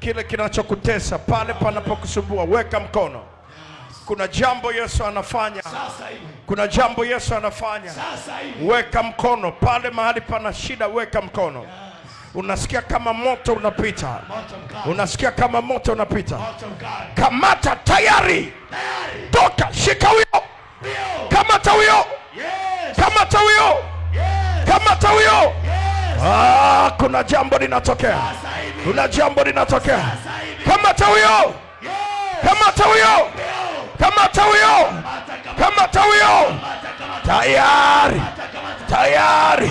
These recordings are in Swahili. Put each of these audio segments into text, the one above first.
Kile kinachokutesa pale panapokusumbua, weka mkono. Kuna jambo Yesu anafanya, kuna jambo Yesu anafanya. Weka mkono pale mahali pana shida, weka mkono. Unasikia kama moto unapita, unasikia kama moto unapita. Kamata tayari, toka, shika huyo, kamata huyo, kamata huyo, kamata huyo. Ah, kuna jambo linatokea kuna jambo linatokea. Kamata huyo, kamata huyo, kamata huyo, kamata huyo! Tayari, tayari,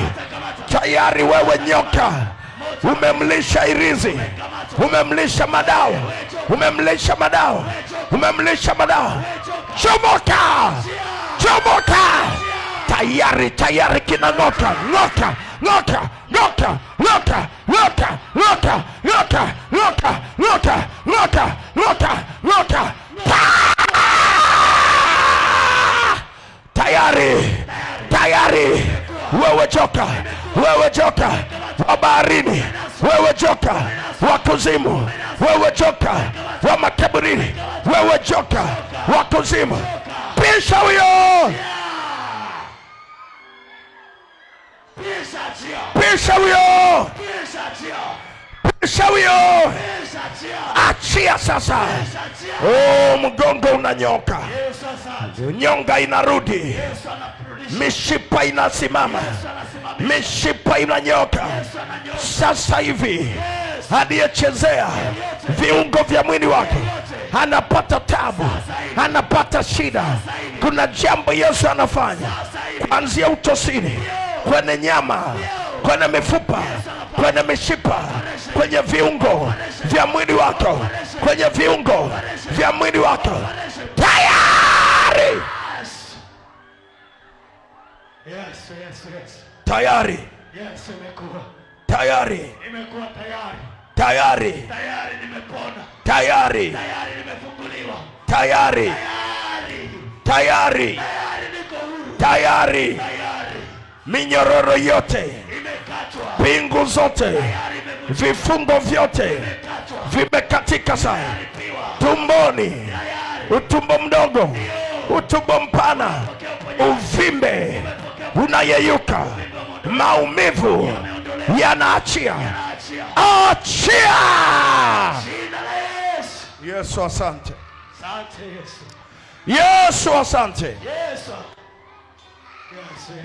tayari! Wewe nyoka, umemlisha irizi, umemlisha madao, umemlisha madao, umemlisha madao! Chomoka, chomoka! Tayari, tayari! Kina ng'oka, ng'oka, ng'oka tayari. Wewe joka, wewe joka wa baharini, wewe joka wa kuzimu, wewe joka wa makaburini, wewe joka wa kuzimu, pisha huyo, pisha huyo, pisha huyo achia sasa. Oh, mgongo unanyoka, nyonga inarudi, mishipa inasimama, mishipa inanyoka sasa hivi. Aliyechezea viungo vya mwili wake anapata tabu, anapata shida. Kuna jambo Yesu anafanya kuanzia utosini, kwenye nyama kwenye mifupa, kwenye mishipa, kwenye viungo vya mwili wako, kwenye viungo vya mwili wako tayari, Tayari, tayari, tayari, tayari, tayari tayari, tayari nimefunguliwa, tayari, tayari, tayari, tayari minyororo yote Pingu zote, vifungo vyote vimekatika sana, tumboni, utumbo mdogo, utumbo mpana, uvimbe unayeyuka, maumivu yanaachia, achia. Yesu, asante. Yesu, asante.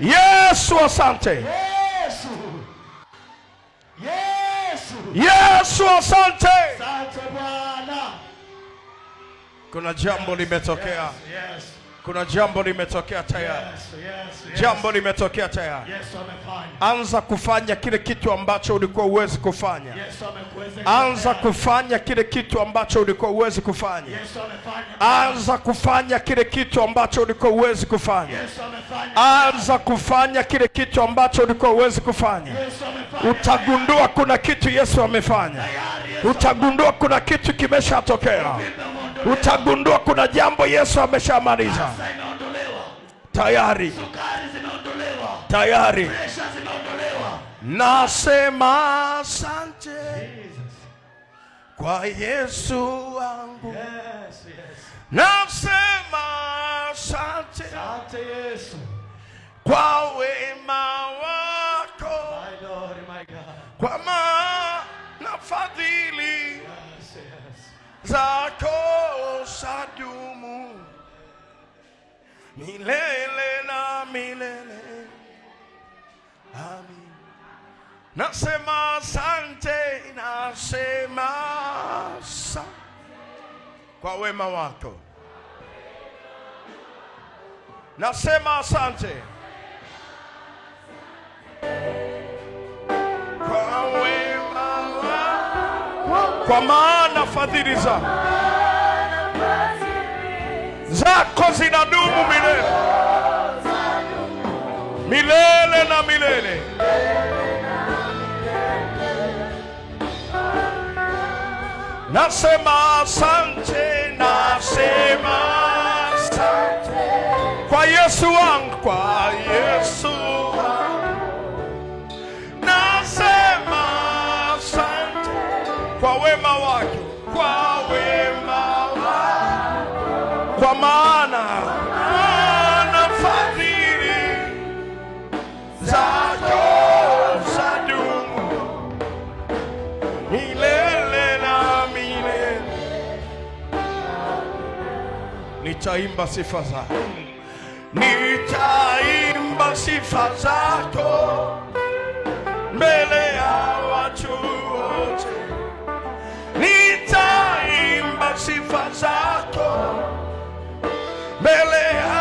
Yesu, asante. Yesu, asante. Kuna jambo limetokea. Yes, yes. Kuna jambo limetokea tayari. Yes, yes, yes. Jambo limetokea tayari. Yes, anza kufanya kile kitu ambacho ulikuwa uwezi kufanya. Yes, anza kufanya kile kitu ambacho ulikuwa uwezi kufanya. Yes, anza kufanya kile kitu ambacho ulikuwa uwezi kufanya. Yes, anza kufanya kile kitu ambacho ulikuwa uwezi kufanya. Yes, utagundua kuna kitu Yesu amefanya. Utagundua kuna kitu kimeshatokea utagundua kuna jambo Yesu ameshamaliza tayari, tayari. Nasema asante kwa Yesu wangu, yes, yes. Nasema asante Yesu kwa wema wako, Kwa maana fadhili zako milele na milele. Amin. Nasema asante, nasema asante kwa wema wako, nasema asante kwa wema wako, kwa maana fadhili zako zako zinadumu milele milele na milele. Nasema asante, nasema asante kwa Yesu wangu, kwa kwa maana maana fadhili zako zadumu milele na milele. Nitaimba sifa zako, nitaimba sifa zako mbele ya watu wote, nitaimba sifa zako belly